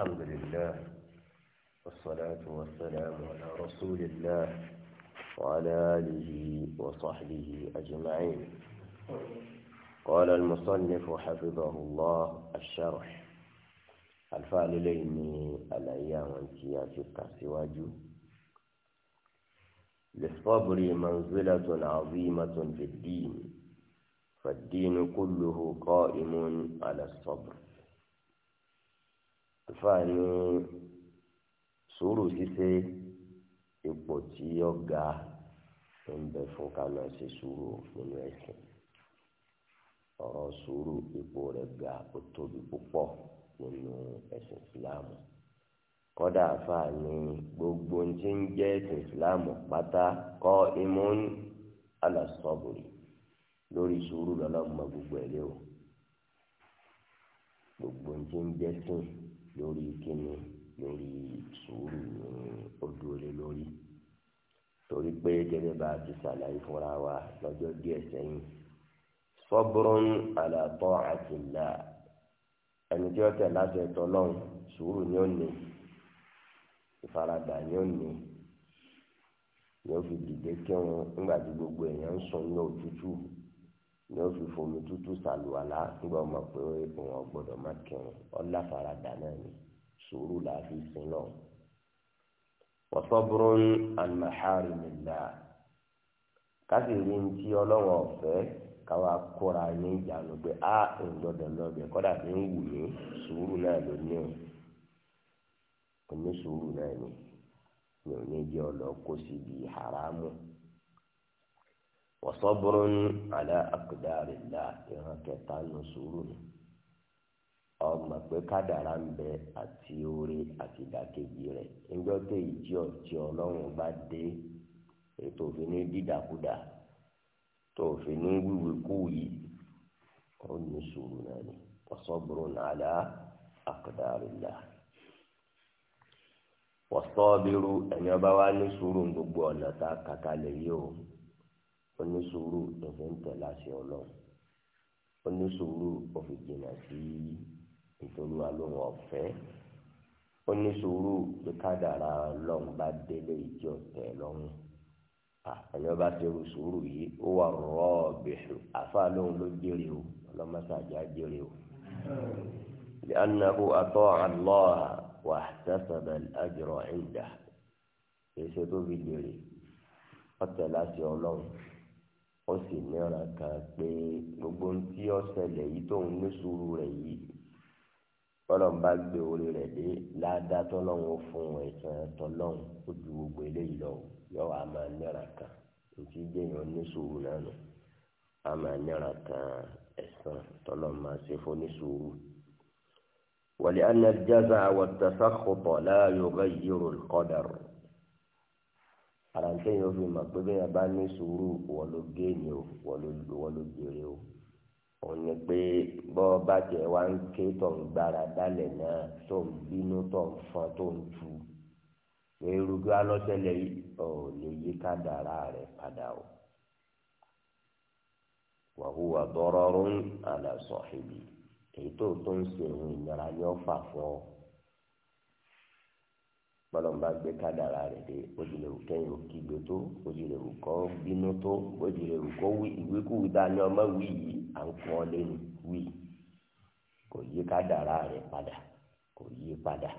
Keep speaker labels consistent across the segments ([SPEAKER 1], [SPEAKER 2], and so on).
[SPEAKER 1] الحمد لله والصلاة والسلام على رسول الله وعلى آله وصحبه أجمعين قال المصنف حفظه الله الشرح الفعل ليني الأيام انتياتي كسواجو للصبر منزلة عظيمة في الدين فالدين كله قائم على الصبر àfáà ní sùúrù ṣíṣe ipò tí ó ga ló ń bẹ fún ká máa ṣe sùúrù nínú ẹ̀sìn ọ̀rọ̀ sùúrù ipò rẹ̀ ga ó tóbi púpọ̀ nínú ẹ̀sìn ìsìláàmù kọ́dà àfáà gbogbo ohun ń jẹ́ ẹ̀sìn ìsìláàmù pátá kọ́ imun alasọ́bùrì lórí sùúrù lọ́lọ́mọ gbogbo ẹ̀ lé o gbogbo ohun ń jẹ́ sìn lórí kíni lórí sùúrù ní eh, odúlé lórí torí pé gẹ́gẹ́ bá a ti ṣàlàyé fúnra wa lọ́jọ́ díẹ̀ sẹ́yìn sọ́bùrún àlàtọ́ àti ìlà ẹni tí ó tẹ̀ láti ẹ̀tọ́ lọ́hùn sùúrù ni ó ní ìfaradà ni ó ní ni ó fi dìde kírun nígbà tí gbogbo èèyàn ń sùn ní òtútù ni ó fi fomi tútù sàlùwàlá nígbà wọn mọ̀ pé wọn gbọ́dọ̀ má kírun ọlá faradà náà ni sùúrù la fi sin lọ. wasabrun an maharimillah káfí rí ní tí ọlọ́wọ́n ọ̀fẹ́ káwa kóra ní ìjànú pé a ń gbọ́dọ̀ lọ́bẹ̀ kọ́dà bí ń wù mí sùúrù náà ló ní o onísùúrù náà ni mi ò ní jẹ́ ọ lọ kó síbi haramu wasabrun ala aqdarillah ìran kẹta nù sùúrù ni ọmọ pé kádàrá ń bẹ àti orí àti ìdàkejì rẹ níjọ tó ìjì ọtí Ọlọ́run bá dé ètò òfin ní dídàkudà tó òfin ní wíwíkú yìí ó ní sùúrù náà ni wasabrun ala aqdarillah wasabiru ẹ̀yin ọba wa ní sùúrù gbogbo ọ̀nà tá a kàkà lè yí o onísùúrù òfin ń tẹ̀lé àṣẹ ọlọ́run onísùúrù òfin jìnnà sí nítorí wa ló wọn ọ̀fẹ́ onísùúrù pé kádàrá ọlọ́run bá délé ìjọ tẹ̀ lọ́rùn àyọ̀ bá ti rú sùúrù yìí ó wà rọ́ọ̀bìṣù àfa lóhun ló jèrè o ọlọ́mọṣáájà jèrè o. لأنه أطاع الله واحتسب الأجر عنده èso tó fi jèrè ọtẹ láti Ọlọ́run ó sì mìíràn kan pé gbogbo ohun tí ó ṣẹlẹ̀ yìí tóun ní sùúrù rẹ̀ yìí tọ́lọ́n bá gbé orí rẹ̀ dé ládàá tọ́lọ́hún fún ẹ̀sán tọ́lọ́hún ó ju gbogbo eléyìí lọ yọ wá máa nira kan ètí jẹ́yàn oníṣòwò náà nù á máa nira kan ẹ̀sán tọ́lọ́hún máa ṣe fún oníṣòwò. wàlẹ́ anna al-jazaa wa at-tasakkhut la yughayyiru al-qadar àràǹtẹ̀ yẹn fi mọ̀ pé bẹ́ẹ̀ bá ní sùúrù wọ́n ló gé ni o wọ́n ló jèrè o òun ni pé bọ́ bá tiẹ̀ wá ń ké tó ń gbára dálẹ̀ náà tó ń bínú tó ń fọn tó ń tu erugbe alọ́sẹ̀lẹ̀ ọ̀ lè yí kádàrá rẹ̀ padà o wàhùwà dọ́rọ́rùn àlàsọ̀hìbì èyí tó tó ń ṣe ìnira ni ó fà fún ọ bọ́lọ̀ bá gbé kádàrà rẹ̀ dé ojúlé wù kẹ́yìn kígbe tó ojúlé wù kọ́ bínú tó ojúlé wù kọ́ wí ìwékùwé dání ọmọ wí yìí à ń kọ́ lẹ́nu wí kò yí kádàrà rẹ̀ padà kò yí padà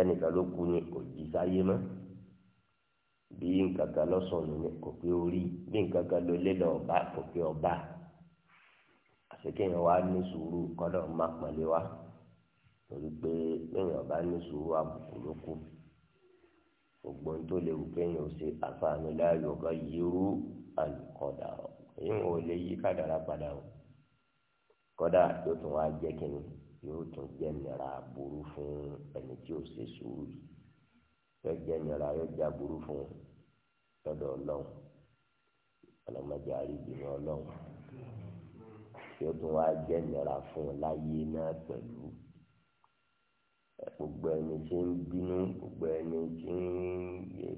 [SPEAKER 1] ẹnìkan ló kú ni kò jí sáyé bí nǹkan kan lọ́sọ̀nù ni kò pé orí bí nǹkan kan ló lé lọ ọba kò pé ọba àfikẹ́yìn wa ní sùúrù kọ́dọ̀ má pọ̀lé wa torí pé lẹ́yìn ọba ní sùúrù àbùkù ló kù gbogbo ohun tó léwu kéèyàn ò ṣe àfààní láàyò ọ̀gá yírú àlùkọ́dà ọ̀ èyí ò lè yí kádàrá padà o kọ́dà yóò tún wá jẹ́ kínní yóò tún jẹ́ nira burú fún ẹni tí ò ṣe sùúrù yìí yóò jẹ́ nira yóò já burú fún lọ́dọ̀ ọlọ́run ọlọ́mọdé àríbìnrin ọlọ́run yóò tún wá jẹ́ nira fún láyé náà pẹ̀lú gbogbo ẹni tí ń bínú gbogbo ẹni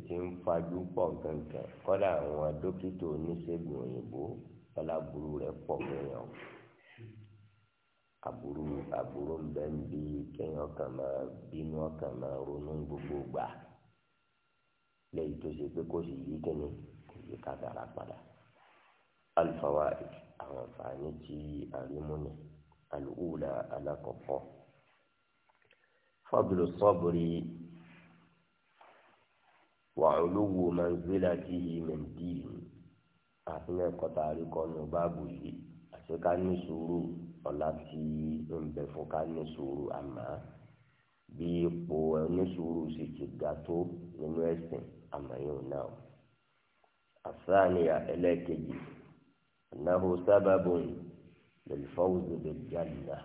[SPEAKER 1] tí ń fajú pọ̀ kankan kọ́dà àwọn dókítà oníṣègùn òyìnbó aláburú rẹ̀ pọ̀ kéèyàn aburú aburú ń bẹ ń bí kéèyàn kàn máa bínú kàn máa ronú gbogbo gbà lẹ́yìn tó ṣe pé kò sì yí kíni kò yí kádàrá padà alifawa àwọn àǹfààní tí àrímúni alùhùlà alákọ̀ọ́kọ́. فضل الصبر وعلو منزلته من دين àfihàn kọta àríkọnù báàbù yìí àti ká ní sùúrù ọ̀la tí ń bẹ fún ká ní sùúrù àmọ́ bí ipò ẹni sùúrù sì ti ga tó nínú ẹ̀sìn àmọ́ yóò náà. àsáàníyà ẹlẹ́ẹ̀kejì annahu sábàbùn lil fawzi bil janna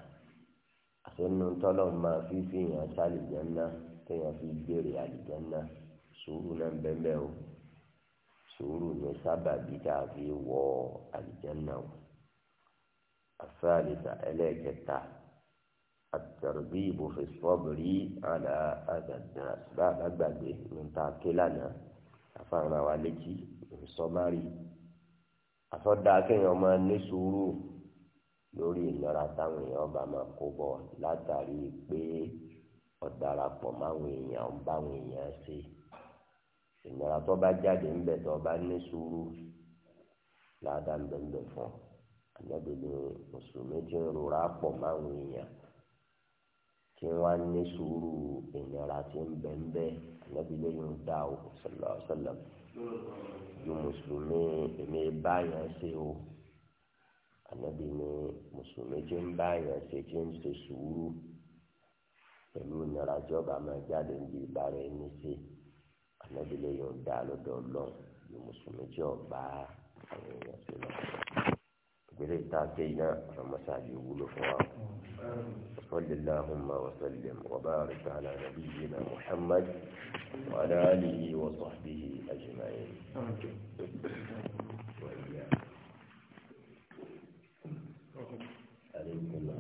[SPEAKER 1] àsọ̀nù tọ́lọ̀ máa fi fi yàn sálìjánná kéèyàn fi béèrè àlìjánná sùúrù náà bẹ́ẹ̀ o sùúrù ní sábàbí tá a fi wọ àlìjánná o àfáàlìsà ẹlẹ́ẹ̀kẹta àtẹ̀rẹ̀bíìbò fèsìfọ́bìrì àlà àgàdà bàbá gbàgbé ní ta ké lánàá àfáàrà wa létí ìsọmárì àtọ́dá kéèyàn máa ní sùúrù lórí ìnira táwọn èèyàn bá máa kó bọ̀ látàrí pé ọ̀darapọ̀ máwọn èèyàn ń báwọn èèyàn ṣe ìnira tó bá jáde ń bẹ̀ tó bá ní sùúrù láàdá ń bẹ̀ ń bẹ̀ fún àgbẹ̀dẹ̀dẹ̀ mùsùlùmí tí ń rora pọ̀ máwọn èèyàn tí wọ́n á ní sùúrù ìnira tí ń bẹ̀ ń bẹ̀ àgbẹ̀dẹ̀ yóò dá o sallallahu alaihi wasallam ju mùsùlùmí èmi báyàn ṣe o ànábì ni mùsùlùmí tí ń bá èèyàn ṣe tí ń ṣe sùúrù pẹ̀lú ìnira ìjọba máa jáde ń di ìbára ẹni ṣe ànábì lè yàn dá lọ́dọ̀ ọlọ́run ní mùsùlùmí tí ò bá àwọn èèyàn ṣe lọ. ìgbélé tá ṣe iná ọmọṣáájú wúlò fún wa. وصل اللهم وسلم وبارك على نبينا محمد وعلى آله وصحبه أجمعين.